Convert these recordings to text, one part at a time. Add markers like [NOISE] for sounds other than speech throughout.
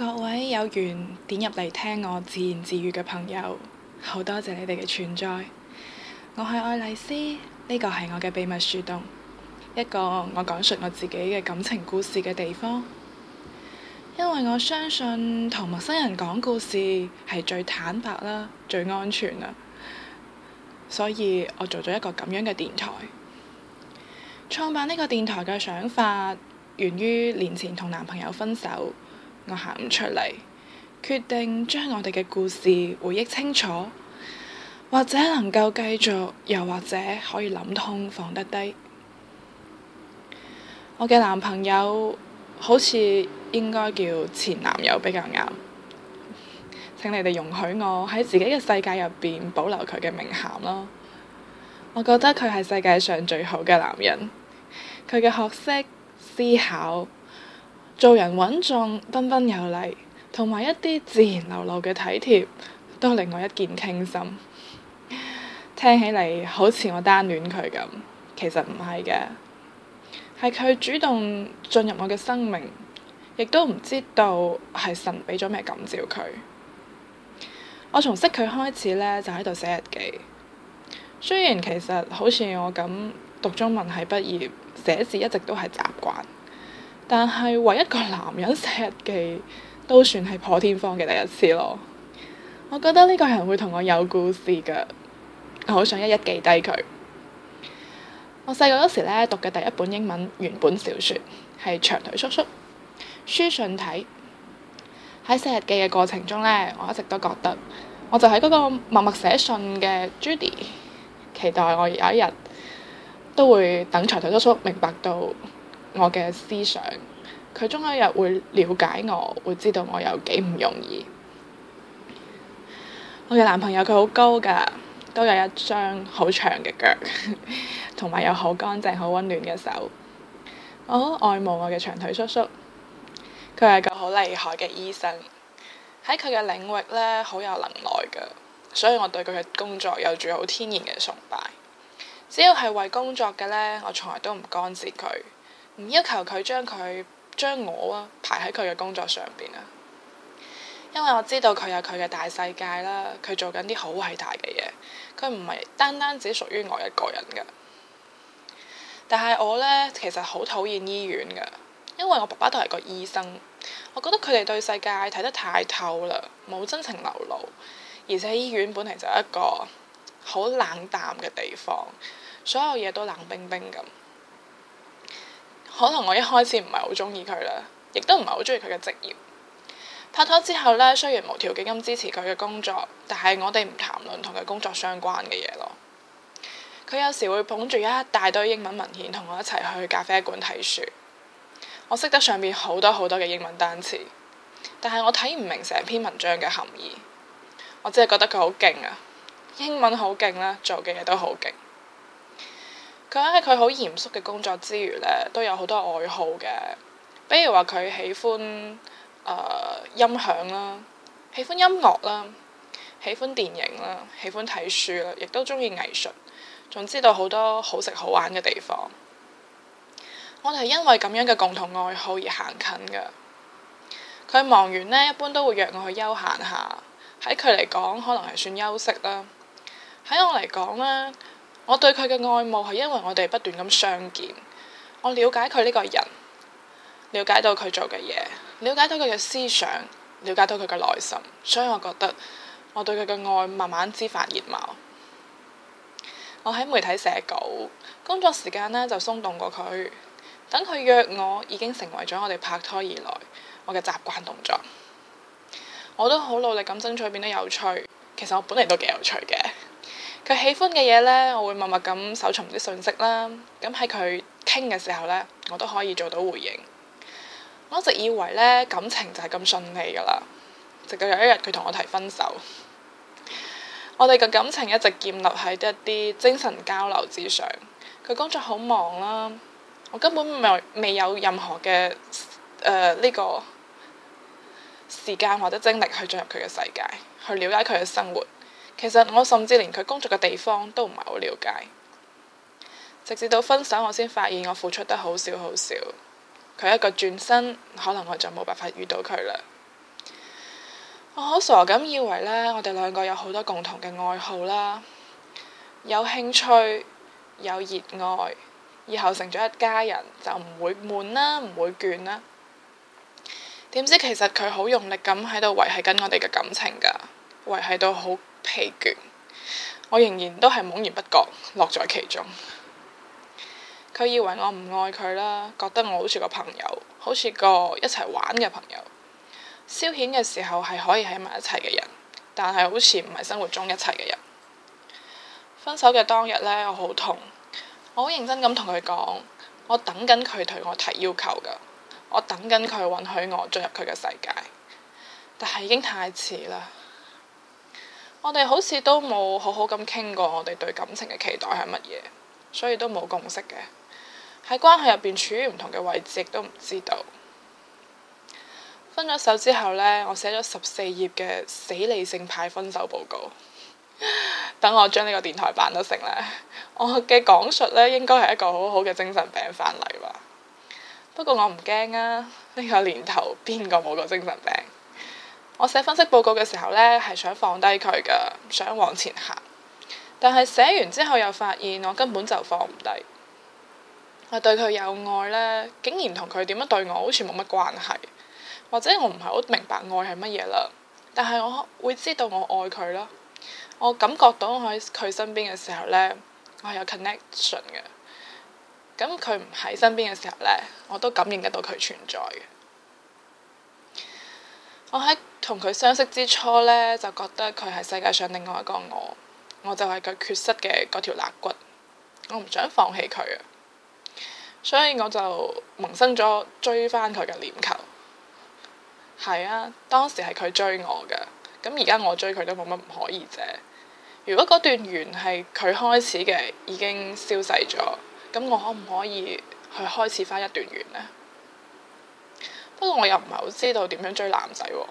各位有緣點入嚟聽我自言自語嘅朋友，好多謝你哋嘅存在。我係愛麗絲，呢個係我嘅秘密樹洞，一個我講述我自己嘅感情故事嘅地方。因為我相信同陌生人講故事係最坦白啦，最安全呀，所以我做咗一個咁樣嘅電台。創辦呢個電台嘅想法，源於年前同男朋友分手。我行唔出嚟，決定將我哋嘅故事回憶清楚，或者能夠繼續，又或者可以諗通放得低。我嘅男朋友好似應該叫前男友比較啱。請你哋容許我喺自己嘅世界入邊保留佢嘅名銜啦。我覺得佢係世界上最好嘅男人，佢嘅學識、思考。做人穩重、彬彬有禮，同埋一啲自然流露嘅體貼，都令我一見傾心。聽起嚟好似我單戀佢咁，其實唔係嘅，係佢主動進入我嘅生命，亦都唔知道係神俾咗咩感召佢。我從識佢開始呢，就喺度寫日記。雖然其實好似我咁讀中文系畢業，寫字一直都係習慣。但係，唯一個男人寫日記都算係破天荒嘅第一次咯。我覺得呢個人會同我有故事嘅，我好想一一記低佢。我細個嗰時呢，讀嘅第一本英文原本小説係長腿叔叔，書信體。喺寫日記嘅過程中呢，我一直都覺得我就係嗰個默默寫信嘅 Judy，期待我有一日都會等長腿叔叔明白到。我嘅思想，佢終有一日會了解我，會知道我有幾唔容易。我嘅男朋友佢好高噶，都有一張好長嘅腳，同埋有好乾淨、好溫暖嘅手。我好愛慕我嘅長腿叔叔，佢係一個好厲害嘅醫生，喺佢嘅領域呢，好有能耐噶，所以我對佢嘅工作有住好天然嘅崇拜。只要係為工作嘅呢，我從來都唔干涉佢。唔要求佢將佢將我啊排喺佢嘅工作上邊啊，因為我知道佢有佢嘅大世界啦，佢做緊啲好偉大嘅嘢，佢唔係單單只屬於我一個人嘅。但係我呢，其實好討厭醫院嘅，因為我爸爸都係個醫生，我覺得佢哋對世界睇得太透啦，冇真情流露，而且醫院本嚟就係一個好冷淡嘅地方，所有嘢都冷冰冰咁。可能我一開始唔係好中意佢啦，亦都唔係好中意佢嘅職業。拍拖之後呢，雖然無條件咁支持佢嘅工作，但係我哋唔談論同佢工作相關嘅嘢咯。佢有時會捧住一大堆英文文獻同我一齊去咖啡館睇書，我識得上面好多好多嘅英文單詞，但係我睇唔明成篇文章嘅含義。我只係覺得佢好勁啊，英文好勁啦，做嘅嘢都好勁。佢喺佢好嚴肅嘅工作之餘呢，都有好多愛好嘅，比如話佢喜歡誒、呃、音響啦，喜歡音樂啦，喜歡電影啦，喜歡睇書啦，亦都中意藝術，仲知道好多好食好玩嘅地方。我哋係因為咁樣嘅共同愛好而行近嘅。佢忙完呢，一般都會約我去休閒下。喺佢嚟講，可能係算休息啦。喺我嚟講呢。我對佢嘅愛慕係因為我哋不斷咁相見，我了解佢呢個人，了解到佢做嘅嘢，了解到佢嘅思想，了解到佢嘅內心，所以我覺得我對佢嘅愛慢慢枝繁葉茂。我喺媒體寫稿，工作時間呢就鬆動過佢，等佢約我已經成為咗我哋拍拖以來我嘅習慣動作。我都好努力咁爭取變得有趣，其實我本嚟都幾有趣嘅。佢喜歡嘅嘢呢，我會默默咁搜尋啲信息啦。咁喺佢傾嘅時候呢，我都可以做到回應。我一直以為呢感情就係咁順利噶啦，直到有一日佢同我提分手。我哋嘅感情一直建立喺一啲精神交流之上。佢工作好忙啦，我根本未未有任何嘅呃，呢個時間或者精力去進入佢嘅世界，去了解佢嘅生活。其實我甚至連佢工作嘅地方都唔係好了解，直至到分手我先發現我付出得好少好少。佢一個轉身，可能我就冇辦法遇到佢啦。我好傻咁以為呢，我哋兩個有好多共同嘅愛好啦，有興趣，有熱愛，以後成咗一家人就唔會悶啦，唔會倦啦。點知其實佢好用力咁喺度維係緊我哋嘅感情㗎，維係到好～疲倦，我仍然都係懵然不覺，樂在其中。佢以為我唔愛佢啦，覺得我好似個朋友，好似個一齊玩嘅朋友，消遣嘅時候係可以喺埋一齊嘅人，但係好似唔係生活中一齊嘅人。分手嘅當日呢，我好痛，我好認真咁同佢講，我等緊佢對我提要求噶，我等緊佢允許我進入佢嘅世界，但係已經太遲啦。我哋好似都冇好好咁傾過，我哋對感情嘅期待係乜嘢，所以都冇共識嘅。喺關係入邊處於唔同嘅位置，亦都唔知道。分咗手之後呢，我寫咗十四頁嘅死理性派分手報告。 [LAUGHS] 等我將呢個電台版都成咧，我嘅講述呢應該係一個好好嘅精神病範例吧。不過我唔驚啊，呢、呢個年頭邊個冇個精神病？我寫分析報告嘅時候呢，係想放低佢㗎，想往前行。但係寫完之後又發現，我根本就放唔低。我對佢有愛呢，竟然同佢點樣對我好似冇乜關係，或者我唔係好明白愛係乜嘢啦。但係我會知道我愛佢咯。我感覺到我喺佢身邊嘅時候呢，我係有 connection 嘅。咁佢唔喺身邊嘅時候呢，我都感應得到佢存在嘅。我喺同佢相識之初呢，就覺得佢係世界上另外一個我，我就係佢缺失嘅嗰條肋骨，我唔想放棄佢啊，所以我就萌生咗追返佢嘅念頭。係啊，當時係佢追我㗎，咁而家我追佢都冇乜唔可以啫。如果嗰段緣係佢開始嘅，已經消逝咗，咁我可唔可以去開始返一段緣呢？不過我又唔係好知道點樣追男仔喎，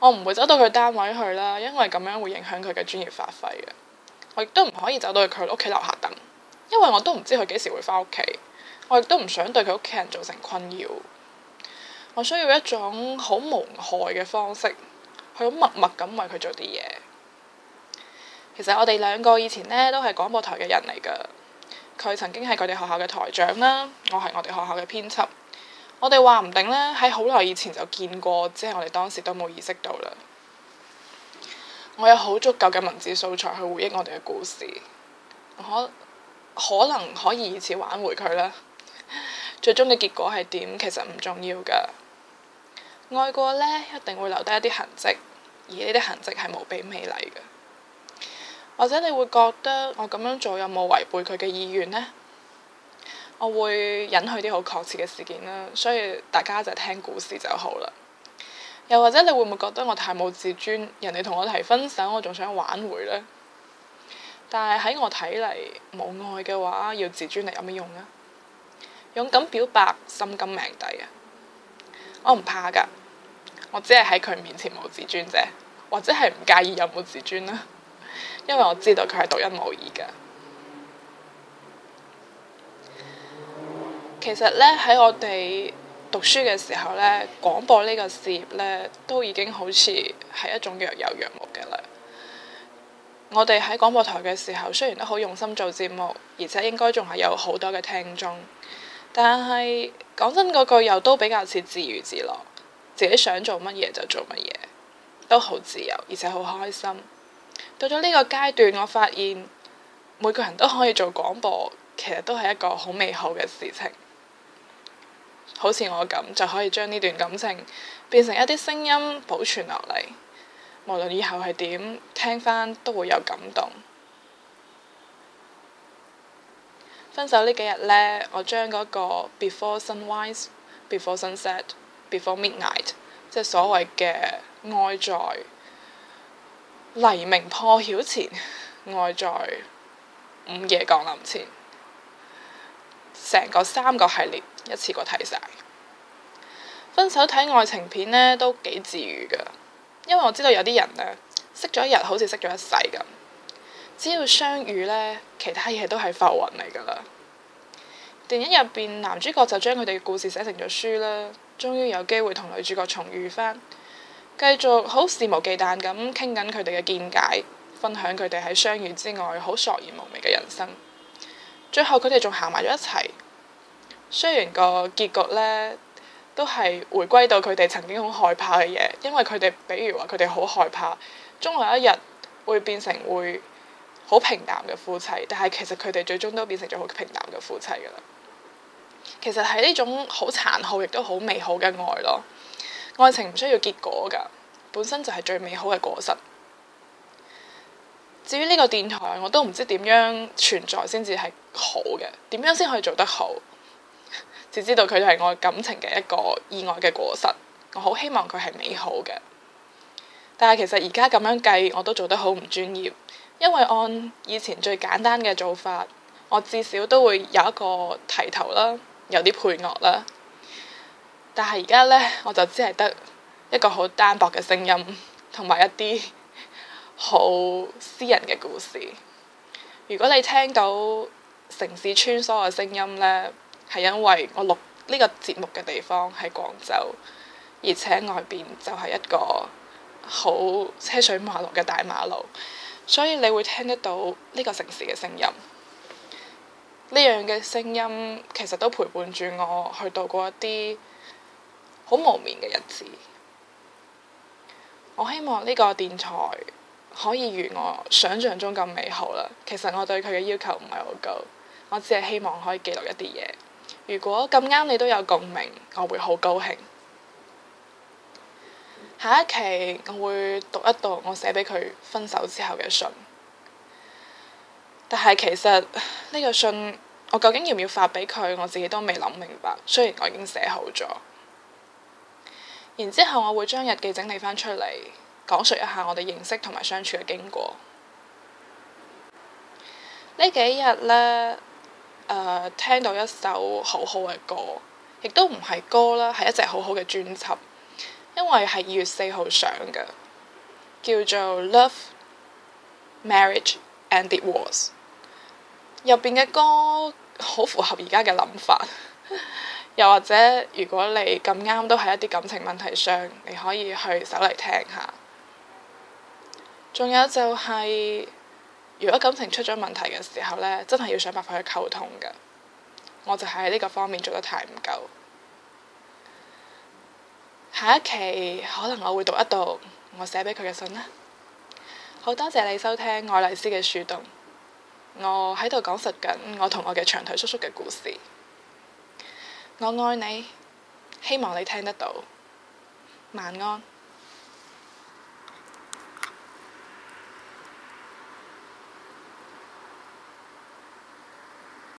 我唔會走到佢單位去啦，因為咁樣會影響佢嘅專業發揮嘅。我亦都唔可以走到去佢屋企樓下等，因為我都唔知佢幾時會返屋企。我亦都唔想對佢屋企人造成困擾。我需要一種好無害嘅方式，去默默咁為佢做啲嘢。其實我哋兩個以前呢都係廣播台嘅人嚟㗎，佢曾經係佢哋學校嘅台長啦，我係我哋學校嘅編輯。我哋話唔定呢，喺好耐以前就見過，即係我哋當時都冇意識到啦。我有好足夠嘅文字素材去回憶我哋嘅故事，可可能可以以此挽回佢啦。最終嘅結果係點，其實唔重要㗎。愛過呢，一定會留低一啲痕跡，而呢啲痕跡係無比美麗㗎。或者你會覺得我咁樣做有冇違背佢嘅意願呢？我會隱去啲好確切嘅事件啦，所以大家就聽故事就好啦。又或者你會唔會覺得我太冇自尊？人哋同我提分手，我仲想挽回呢。但係喺我睇嚟，冇愛嘅話，要自尊嚟有咩用啊？勇敢表白，心甘命抵啊！我唔怕噶，我只係喺佢面前冇自尊啫，或者係唔介意有冇自尊啦，因為我知道佢係獨一無二噶。其實呢，喺我哋讀書嘅時候呢，廣播呢個事業呢，都已經好似係一種若有若無嘅啦。我哋喺廣播台嘅時候，雖然都好用心做節目，而且應該仲係有好多嘅聽眾，但係講真嗰句，那個、又都比較似自娛自樂，自己想做乜嘢就做乜嘢，都好自由，而且好開心。到咗呢個階段，我發現每個人都可以做廣播，其實都係一個好美好嘅事情。好似我咁就可以將呢段感情變成一啲聲音保存落嚟，無論以後係點聽返都會有感動。分手呢幾日呢，我將嗰個 Before Sunrise、Before Sunset、Before Midnight，即係所謂嘅愛在黎明破曉前，愛在午夜降臨前，成個三個系列。一次過睇晒，分手睇愛情片呢都幾治癒㗎，因為我知道有啲人咧識咗一日好似識咗一世咁，只要相遇呢，其他嘢都係浮雲嚟㗎啦。電影入邊男主角就將佢哋嘅故事寫成咗書啦，終於有機會同女主角重遇返，繼續好肆無忌憚咁傾緊佢哋嘅見解，分享佢哋喺相遇之外好索然無味嘅人生。最後佢哋仲行埋咗一齊。雖然個結局呢都係回歸到佢哋曾經好害怕嘅嘢，因為佢哋，比如話佢哋好害怕終有一日會變成會好平淡嘅夫妻，但係其實佢哋最終都變成咗好平淡嘅夫妻㗎喇。其實係呢種好殘酷亦都好美好嘅愛囉。愛情唔需要結果㗎，本身就係最美好嘅果實。至於呢個電台，我都唔知點樣存在先至係好嘅，點樣先可以做得好。只知道佢係我感情嘅一個意外嘅果實，我好希望佢係美好嘅。但係其實而家咁樣計，我都做得好唔專業，因為按以前最簡單嘅做法，我至少都會有一個提頭啦，有啲配樂啦。但係而家咧，我就只係得一個好單薄嘅聲音，同埋一啲好私人嘅故事。如果你聽到城市穿梭嘅聲音咧，係因為我錄呢個節目嘅地方喺廣州，而且外邊就係一個好車水馬龍嘅大馬路，所以你會聽得到呢個城市嘅聲音。呢樣嘅聲音其實都陪伴住我去度過一啲好無眠嘅日子。我希望呢個電台可以如我想象中咁美好啦。其實我對佢嘅要求唔係好高，我只係希望可以記錄一啲嘢。如果咁啱你都有共鳴，我會好高興。下一期我會讀一讀我寫俾佢分手之後嘅信，但係其實呢個信我究竟要唔要發俾佢，我自己都未諗明白。雖然我已經寫好咗，然之後我會將日記整理翻出嚟，講述一下我哋認識同埋相處嘅經過。呢幾日呢。誒、uh, 聽到一首好好嘅歌，亦都唔係歌啦，係一隻好好嘅專輯，因為係二月四號上嘅，叫做《Love, Marriage and Divorce》。入邊嘅歌好符合而家嘅諗法， [LAUGHS] 又或者如果你咁啱都喺一啲感情問題上，你可以去搜嚟聽下。仲有就係、是。如果感情出咗問題嘅時候呢，真係要想辦法去溝通㗎。我就係喺呢個方面做得太唔夠。下一期可能我會讀一讀我寫俾佢嘅信啦。好多謝你收聽《愛麗絲嘅樹洞》，我喺度講述緊我同我嘅長腿叔叔嘅故事。我愛你，希望你聽得到。晚安。